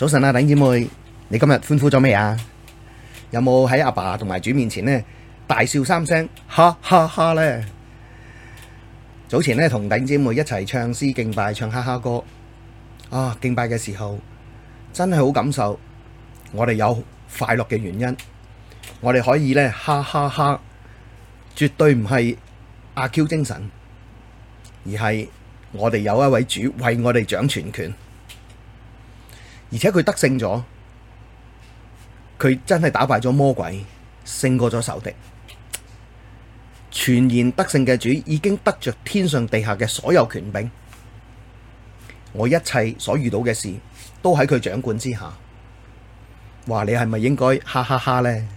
早晨啊，頂姐妹，你今日歡呼咗未啊？有冇喺阿爸同埋主面前呢？大笑三聲哈哈哈哈呢！早前呢，同頂姐妹一齊唱詩敬拜，唱哈哈歌啊！敬拜嘅時候真係好感受，我哋有快樂嘅原因，我哋可以呢「哈哈哈哈」，絕對唔係阿 Q 精神，而係我哋有一位主為我哋掌全權。而且佢得勝咗，佢真係打敗咗魔鬼，勝過咗仇敵。傳言得勝嘅主已經得着天上地下嘅所有權柄，我一切所遇到嘅事都喺佢掌管之下。話你係咪應該哈哈哈呢？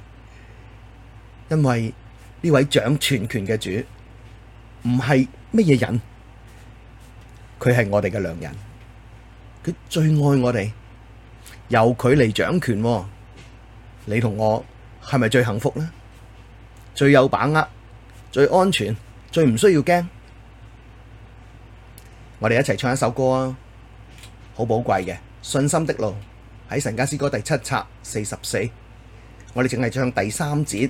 因為呢位掌全權嘅主唔係乜嘢人，佢係我哋嘅良人，佢最愛我哋。由佢嚟掌權，你同我係咪最幸福呢？最有把握、最安全、最唔需要驚，我哋一齊唱一首歌啊！好寶貴嘅信心的路喺，神家詩歌第七冊四十四，我哋淨係唱第三節。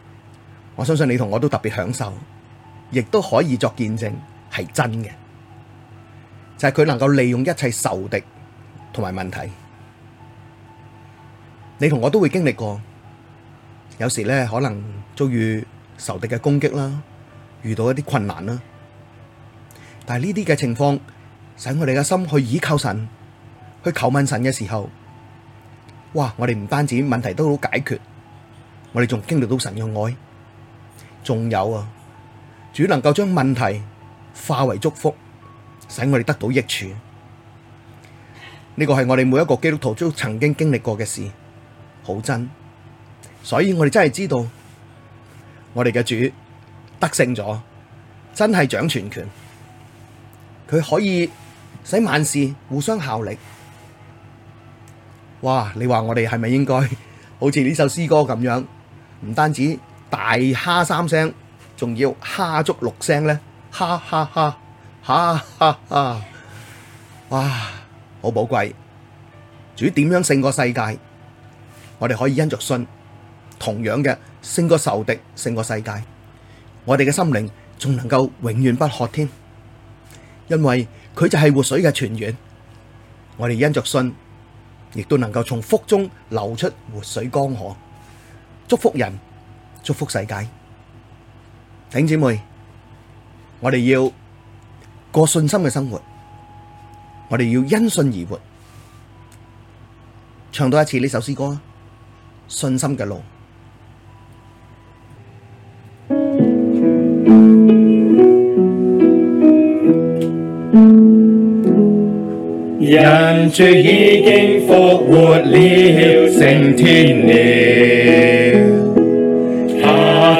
我相信你同我都特別享受，亦都可以作見證係真嘅。就係佢能夠利用一切仇敵同埋問題，你同我都會經歷過。有時咧可能遭遇仇敵嘅攻擊啦，遇到一啲困難啦。但係呢啲嘅情況，使我哋嘅心去倚靠神，去叩問神嘅時候，哇！我哋唔單止問題都好解決，我哋仲經歷到神嘅愛。仲有啊，主能夠將問題化為祝福，使我哋得到益處。呢個係我哋每一個基督徒都曾經經歷過嘅事，好真。所以我哋真係知道，我哋嘅主得勝咗，真係掌全權，佢可以使萬事互相效力。哇！你話我哋係咪應該好似呢首詩歌咁樣？唔單止。大哈三聲，仲要哈足六聲呢？哈哈哈，哈哈哈！哇，好寶貴！主點樣勝過世界？我哋可以因着信，同樣嘅勝過仇敵，勝過世界。我哋嘅心靈仲能夠永遠不渴添，因為佢就係活水嘅泉源。我哋因着信，亦都能夠從腹中流出活水江河，祝福人。祝福世界，弟姐妹，我哋要過信心嘅生活，我哋要因信而活，唱多一次呢首詩歌啊！信心嘅路，恩主已經復活了，升天了。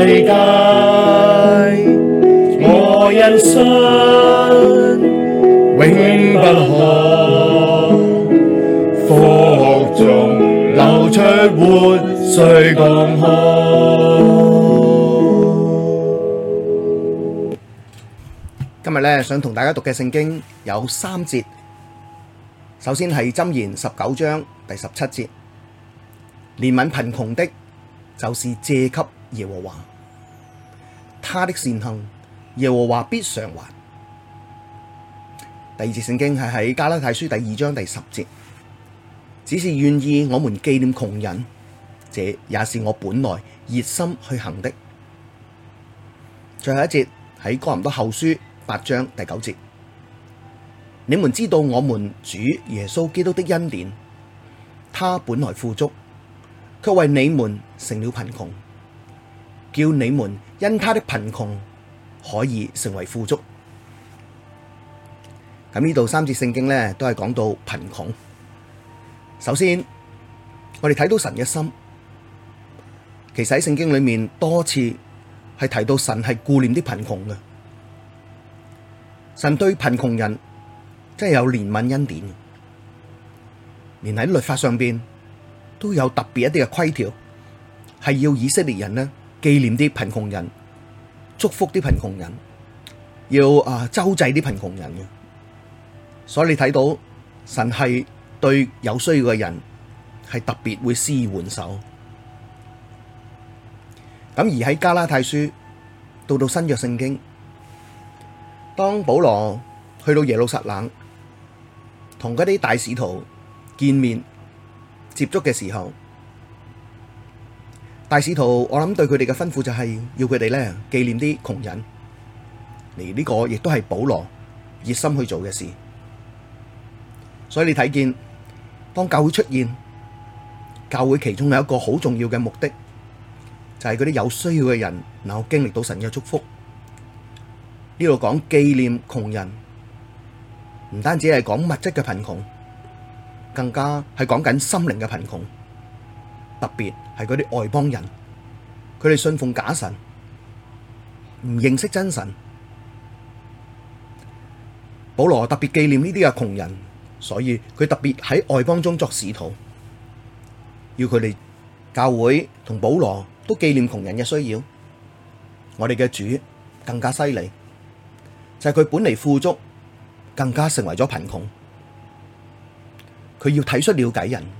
世界，我因信永不渴，腹中流出活水江河。今日呢，想同大家讀嘅聖經有三節。首先係《箴言》十九章第十七節，憐憫貧窮的，就是借給耶和華。他的善行，耶和華必償還。第二節聖經係喺加拉太書第二章第十節，只是願意我們紀念窮人，這也是我本來熱心去行的。最後一節喺哥林多後書八章第九節，你們知道我們主耶穌基督的恩典，他本來富足，却為你們成了貧窮，叫你們。因他的貧窮可以成為富足。咁呢度三節聖經呢，都係講到貧窮。首先，我哋睇到神嘅心，其實喺聖經裏面多次係提到神係顧念啲貧窮嘅。神對貧窮人真係有憐憫恩典。連喺律法上邊都有特別一啲嘅規條，係要以色列人呢，紀念啲貧窮人，祝福啲貧窮人，要啊周濟啲貧窮人嘅，所以你睇到神係對有需要嘅人係特別會施援手。咁而喺加拉太書到到新約聖經，當保羅去到耶路撒冷，同嗰啲大使徒見面接觸嘅時候。大使徒，我諗對佢哋嘅吩咐就係要佢哋咧，紀念啲窮人，而呢個亦都係保羅熱心去做嘅事。所以你睇見，當教會出現，教會其中有一個好重要嘅目的，就係嗰啲有需要嘅人能夠經歷到神嘅祝福。呢度講紀念窮人，唔單止係講物質嘅貧窮，更加係講緊心靈嘅貧窮。特別係嗰啲外邦人，佢哋信奉假神，唔認識真神。保羅特別紀念呢啲嘅窮人，所以佢特別喺外邦中作使徒，要佢哋教會同保羅都紀念窮人嘅需要。我哋嘅主更加犀利，就係、是、佢本嚟富足，更加成為咗貧窮。佢要體恤了解人。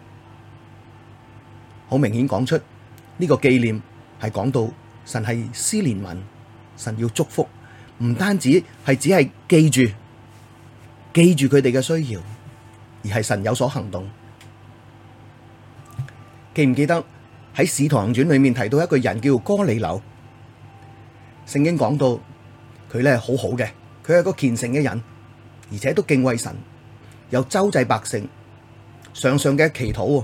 好明顯講出，呢個紀念，係講到，神係施憐憫，神要祝福，唔單止，係只係記住，記住佢哋嘅需要，而係神有所行動。記唔記得，喺使徒行傳裏面提到一個人叫哥尼流，聖經講到，佢呢，好好嘅，佢係個虔誠嘅人，而且都敬畏神，有賙濟百姓，常常嘅祈禱，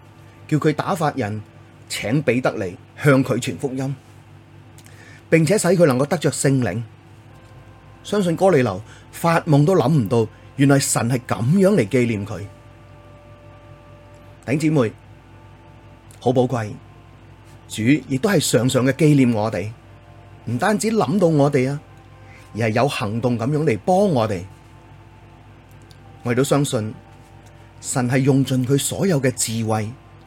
叫佢打發人請彼得嚟，向佢傳福音，並且使佢能夠得着聖靈。相信哥尼流發夢都諗唔到，原來神係咁樣嚟紀念佢。頂姐妹好寶貴，主亦都係常常嘅紀念我哋，唔單止諗到我哋啊，而係有行動咁樣嚟幫我哋。我亦都相信神係用盡佢所有嘅智慧，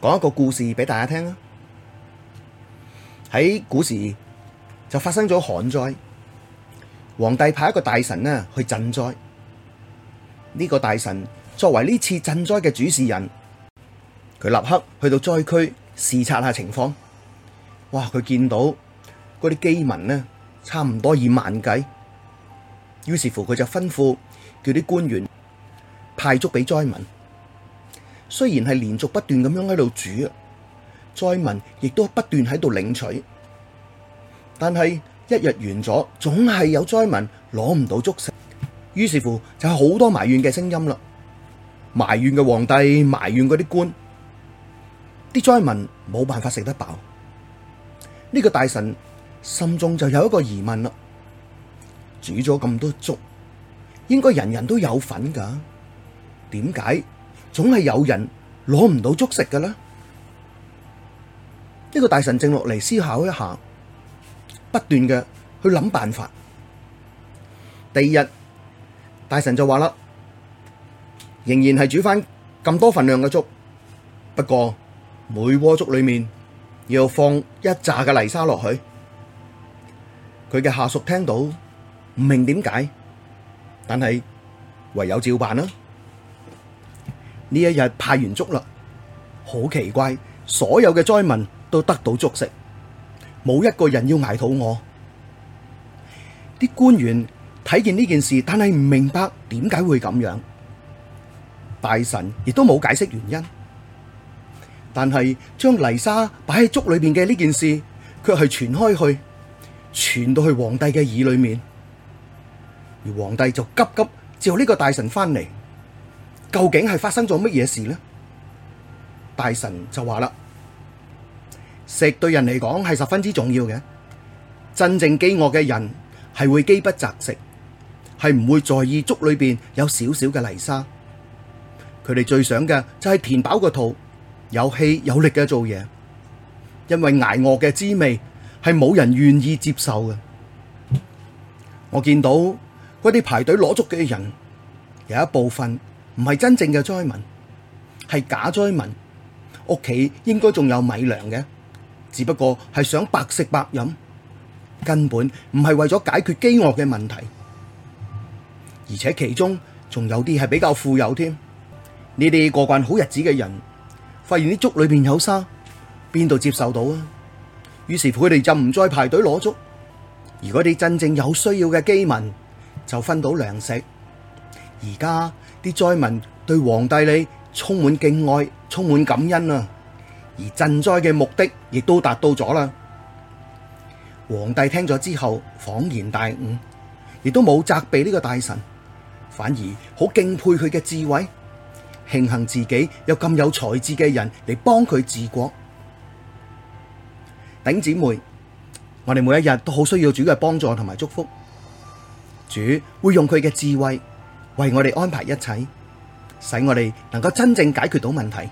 講一個故事俾大家聽啦。喺古時就發生咗旱災，皇帝派一個大臣呢去賑災。呢、這個大臣作為呢次賑災嘅主持人，佢立刻去到災區視察下情況。哇！佢見到嗰啲饑民呢，差唔多以萬計。於是乎，佢就吩咐叫啲官員派粥俾災民。雖然係連續不斷咁樣喺度煮，災民亦都不斷喺度領取，但係一日完咗，總係有災民攞唔到粥食。於是乎就好多埋怨嘅聲音啦，埋怨嘅皇帝，埋怨嗰啲官，啲災民冇辦法食得飽。呢個大臣心中就有一個疑問啦，煮咗咁多粥，應該人人都有份噶，點解？總係有人攞唔到粥食㗎啦！呢個大臣靜落嚟，思考一下，不斷嘅去諗辦法。第二日，大臣就話啦，仍然係煮翻咁多份量嘅粥，不過每鍋粥裏面要放一紮嘅泥沙落去。佢嘅下屬聽到唔明點解，但係唯有照辦啦。呢一日派完粥啦，好奇怪，所有嘅災民都得到粥食，冇一個人要捱肚餓。啲官員睇見呢件事，但係唔明白點解會咁樣，大臣亦都冇解釋原因。但係將泥沙擺喺粥裏面嘅呢件事，卻係傳開去，傳到去皇帝嘅耳裏面，而皇帝就急急召呢個大臣翻嚟。究竟係發生咗乜嘢事呢？大臣就話啦：食對人嚟講係十分之重要嘅。真正飢餓嘅人係會飢不擇食，係唔會在意粥裏邊有少少嘅泥沙。佢哋最想嘅就係填飽個肚，有氣有力嘅做嘢。因為挨餓嘅滋味係冇人願意接受嘅。我見到嗰啲排隊攞粥嘅人有一部分。唔係真正嘅災民，係假災民，屋企應該仲有米糧嘅，只不過係想白食白飲，根本唔係為咗解決饑餓嘅問題，而且其中仲有啲係比較富有添。你哋過慣好日子嘅人，發現啲粥裏邊有沙，邊度接受到啊？於是佢哋就唔再排隊攞粥。如果你真正有需要嘅饑民，就分到糧食。而家啲災民對皇帝你充滿敬愛，充滿感恩啊！而賑災嘅目的亦都達到咗啦。皇帝聽咗之後恍然大悟，亦都冇責備呢個大臣，反而好敬佩佢嘅智慧，慶幸自己有咁有才智嘅人嚟幫佢治國。頂姊妹，我哋每一日都好需要主嘅幫助同埋祝福，主會用佢嘅智慧，為我哋安排一切，使我哋能夠真正解決到問題。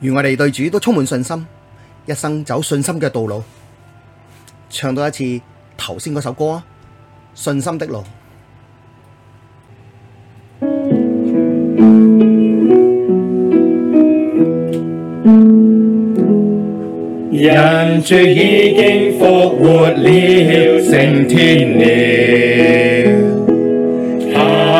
如我哋對主都充滿信心，一生走信心嘅道路，唱多一次頭先嗰首歌啊！信心的路，恩主已經復活了，升天了。